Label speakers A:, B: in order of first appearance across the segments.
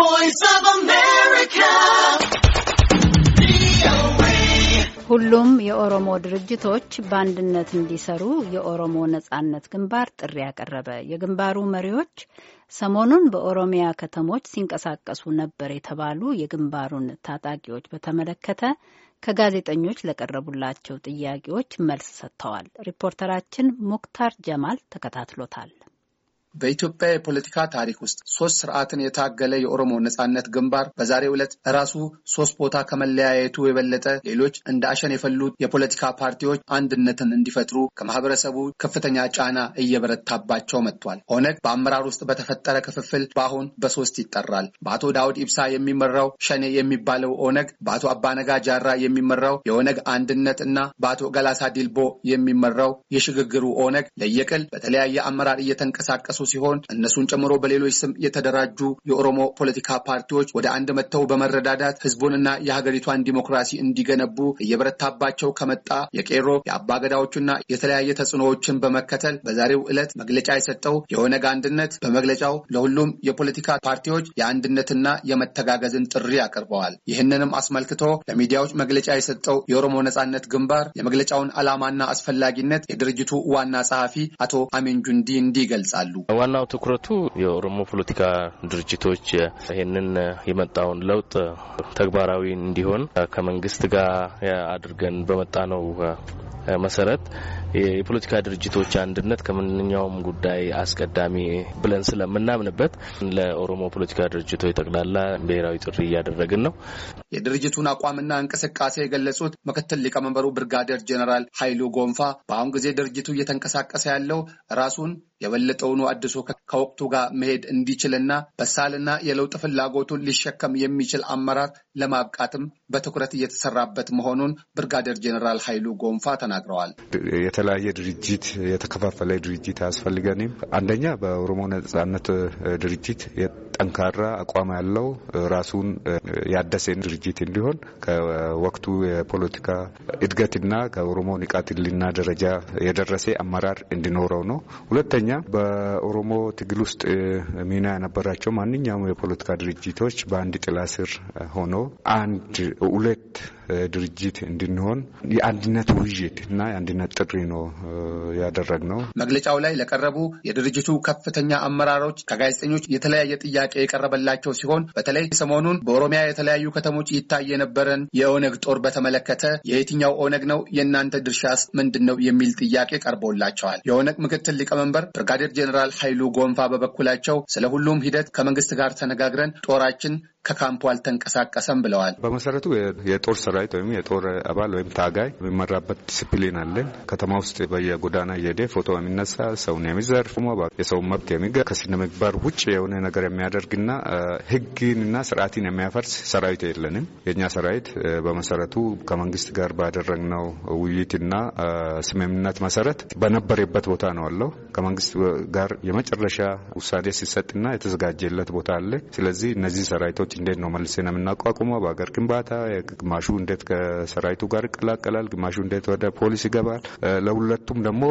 A: ቮይስ
B: ኦፍ አሜሪካ
A: ሁሉም የኦሮሞ ድርጅቶች በአንድነት እንዲሰሩ የኦሮሞ ነጻነት ግንባር ጥሪ ያቀረበ። የግንባሩ መሪዎች ሰሞኑን በኦሮሚያ ከተሞች ሲንቀሳቀሱ ነበር የተባሉ የግንባሩን ታጣቂዎች በተመለከተ ከጋዜጠኞች ለቀረቡላቸው ጥያቄዎች መልስ ሰጥተዋል። ሪፖርተራችን ሙክታር ጀማል ተከታትሎታል።
C: በኢትዮጵያ የፖለቲካ ታሪክ ውስጥ ሶስት ስርዓትን የታገለ የኦሮሞ ነጻነት ግንባር በዛሬው ዕለት ራሱ ሶስት ቦታ ከመለያየቱ የበለጠ ሌሎች እንደ አሸን የፈሉት የፖለቲካ ፓርቲዎች አንድነትን እንዲፈጥሩ ከማህበረሰቡ ከፍተኛ ጫና እየበረታባቸው መጥቷል። ኦነግ በአመራር ውስጥ በተፈጠረ ክፍፍል በአሁን በሶስት ይጠራል። በአቶ ዳውድ ኢብሳ የሚመራው ሸኔ የሚባለው ኦነግ፣ በአቶ አባነጋ ጃራ የሚመራው የኦነግ አንድነት እና በአቶ ገላሳ ዲልቦ የሚመራው የሽግግሩ ኦነግ ለየቅል በተለያየ አመራር እየተንቀሳቀሱ የጠቀሱ ሲሆን እነሱን ጨምሮ በሌሎች ስም የተደራጁ የኦሮሞ ፖለቲካ ፓርቲዎች ወደ አንድ መጥተው በመረዳዳት ህዝቡንና የሀገሪቷን ዲሞክራሲ እንዲገነቡ እየበረታባቸው ከመጣ የቄሮ የአባገዳዎቹና የተለያየ ተጽዕኖዎችን በመከተል በዛሬው ዕለት መግለጫ የሰጠው የኦነግ አንድነት በመግለጫው ለሁሉም የፖለቲካ ፓርቲዎች የአንድነትና የመተጋገዝን ጥሪ አቅርበዋል። ይህንንም አስመልክቶ ለሚዲያዎች መግለጫ የሰጠው የኦሮሞ ነጻነት ግንባር የመግለጫውን ዓላማና አስፈላጊነት የድርጅቱ ዋና ጸሐፊ አቶ አሜንጁንዲ እንዲህ ይገልጻሉ።
A: ዋናው ትኩረቱ የኦሮሞ ፖለቲካ ድርጅቶች ይህንን የመጣውን ለውጥ ተግባራዊ እንዲሆን ከመንግስት ጋር አድርገን በመጣ ነው መሰረት የፖለቲካ ድርጅቶች አንድነት ከማንኛውም ጉዳይ አስቀዳሚ ብለን ስለምናምንበት ለኦሮሞ ፖለቲካ ድርጅቶች ጠቅላላ ብሔራዊ ጥሪ እያደረግን ነው።
C: የድርጅቱን አቋምና እንቅስቃሴ የገለጹት ምክትል ሊቀመንበሩ ብርጋዴር ጀነራል ኃይሉ ጎንፋ በአሁን ጊዜ ድርጅቱ እየተንቀሳቀሰ ያለው ራሱን የበለጠውኑ አድሶ ከወቅቱ ጋር መሄድ እንዲችልና በሳልና የለውጥ ፍላጎቱን ሊሸከም የሚችል አመራር ለማብቃትም በትኩረት እየተሰራበት መሆኑን ብርጋዴር ጀነራል ኃይሉ ጎንፋ ተናግረዋል። ተናግረዋል።
B: የተለያየ ድርጅት የተከፋፈለ ድርጅት አያስፈልገንም። አንደኛ በኦሮሞ ነጻነት ድርጅት ጠንካራ አቋም ያለው ራሱን ያደሴን ድርጅት እንዲሆን ከወቅቱ የፖለቲካ እድገትና ከኦሮሞ ንቃት ህሊና ደረጃ የደረሰ አመራር እንዲኖረው ነው። ሁለተኛ በኦሮሞ ትግል ውስጥ ሚና የነበራቸው ማንኛውም የፖለቲካ ድርጅቶች በአንድ ጥላ ስር ሆኖ አንድ ሁለት ድርጅት እንድንሆን የአንድነት ውይይት እና የአንድነት ጥሪ ነው ያደረግነው። መግለጫው
C: ላይ ለቀረቡ የድርጅቱ ከፍተኛ አመራሮች ከጋዜጠኞች የተለያየ ጥያቄ የቀረበላቸው ሲሆን በተለይ ሰሞኑን በኦሮሚያ የተለያዩ ከተሞች ይታይ የነበረን የኦነግ ጦር በተመለከተ የየትኛው ኦነግ ነው የእናንተ ድርሻስ ምንድን ነው የሚል ጥያቄ ቀርቦላቸዋል። የኦነግ ምክትል ሊቀመንበር ብርጋዴር ጀኔራል ኃይሉ ጎንፋ በበኩላቸው ስለ ሁሉም ሂደት ከመንግስት ጋር ተነጋግረን ጦራችን ከካምፑ አልተንቀሳቀሰም ብለዋል።
B: በመሰረቱ የጦር ሰራዊት ወይም የጦር አባል ወይም ታጋይ የሚመራበት ዲስፕሊን አለን። ከተማ ውስጥ በየጎዳና እየሄደ ፎቶ የሚነሳ ሰውን የሚዘርፍ የሰውን መብት የሚገ ከስነ ምግባር ውጭ የሆነ ነገር የሚያደርግና ህግንና ስርዓትን የሚያፈርስ ሰራዊት የለንም። የእኛ ሰራዊት በመሰረቱ ከመንግስት ጋር ባደረግነው ውይይትና ስምምነት መሰረት በነበረበት ቦታ ነው አለው። ከመንግስት ጋር የመጨረሻ ውሳኔ ሲሰጥና የተዘጋጀለት ቦታ አለ። ስለዚህ እነዚህ ሰራዊቶች ሰዎች እንዴት ነው መልሰን የምናቋቁመው? በሀገር ግንባታ ግማሹ እንዴት ከሰራዊቱ ጋር ይቀላቀላል፣ ግማሹ እንዴት ወደ ፖሊስ ይገባል። ለሁለቱም ደግሞ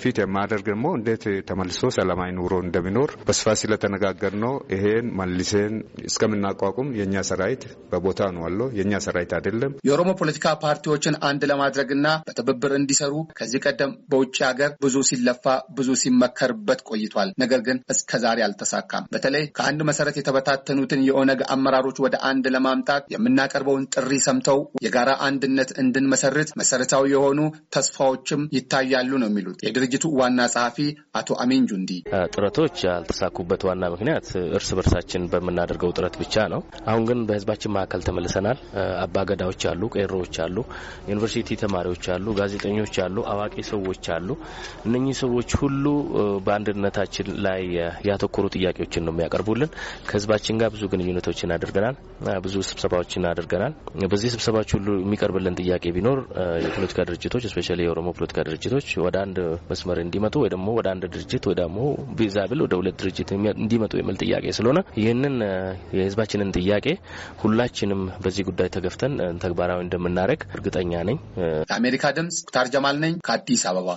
B: ፊት የማደርግ ደግሞ እንዴት ተመልሶ ሰላማዊ ኑሮ እንደሚኖር በስፋት ስለተነጋገር ነው። ይሄን መልሴን እስከምናቋቁም የእኛ ሰራዊት በቦታ ነው አለው። የእኛ ሰራዊት አይደለም።
C: የኦሮሞ ፖለቲካ ፓርቲዎችን አንድ ለማድረግና በትብብር እንዲሰሩ ከዚህ ቀደም በውጭ ሀገር ብዙ ሲለፋ ብዙ ሲመከርበት ቆይቷል። ነገር ግን እስከዛሬ አልተሳካም። በተለይ ከአንድ መሰረት የተበታተኑትን የኦነግ አመራሮች ወደ አንድ ለማምጣት የምናቀርበውን ጥሪ ሰምተው የጋራ አንድነት እንድንመሰርት መሰረታዊ የሆኑ ተስፋዎችም ይታያሉ ነው የሚሉት የድርጅቱ ዋና ጸሐፊ
A: አቶ አሚን ጁንዲ። ጥረቶች ያልተሳኩበት ዋና ምክንያት እርስ በርሳችን በምናደርገው ጥረት ብቻ ነው። አሁን ግን በህዝባችን መካከል ተመልሰናል። አባገዳዎች አሉ፣ ቄሮዎች አሉ፣ ዩኒቨርሲቲ ተማሪዎች አሉ፣ ጋዜጠኞች አሉ፣ አዋቂ ሰዎች አሉ። እነኚህ ሰዎች ሁሉ በአንድነታችን ላይ ያተኮሩ ጥያቄዎችን ነው የሚያቀርቡልን። ከህዝባችን ጋር ብዙ ግንኙነቶች ውይይቶችን አድርገናል። ብዙ ስብሰባዎችን አድርገናል። በዚህ ስብሰባዎች ሁሉ የሚቀርብልን ጥያቄ ቢኖር የፖለቲካ ድርጅቶች ስፔሻሊ የኦሮሞ ፖለቲካ ድርጅቶች ወደ አንድ መስመር እንዲመጡ ወይ ደግሞ ወደ አንድ ድርጅት ወይ ደግሞ ቢዛብል ወደ ሁለት ድርጅት እንዲመጡ የሚል ጥያቄ ስለሆነ ይህንን የህዝባችንን ጥያቄ ሁላችንም በዚህ ጉዳይ ተገፍተን ተግባራዊ እንደምናደርግ እርግጠኛ ነኝ።
C: የአሜሪካ ድምጽ ኩታር ጀማል ነኝ ከአዲስ አበባ።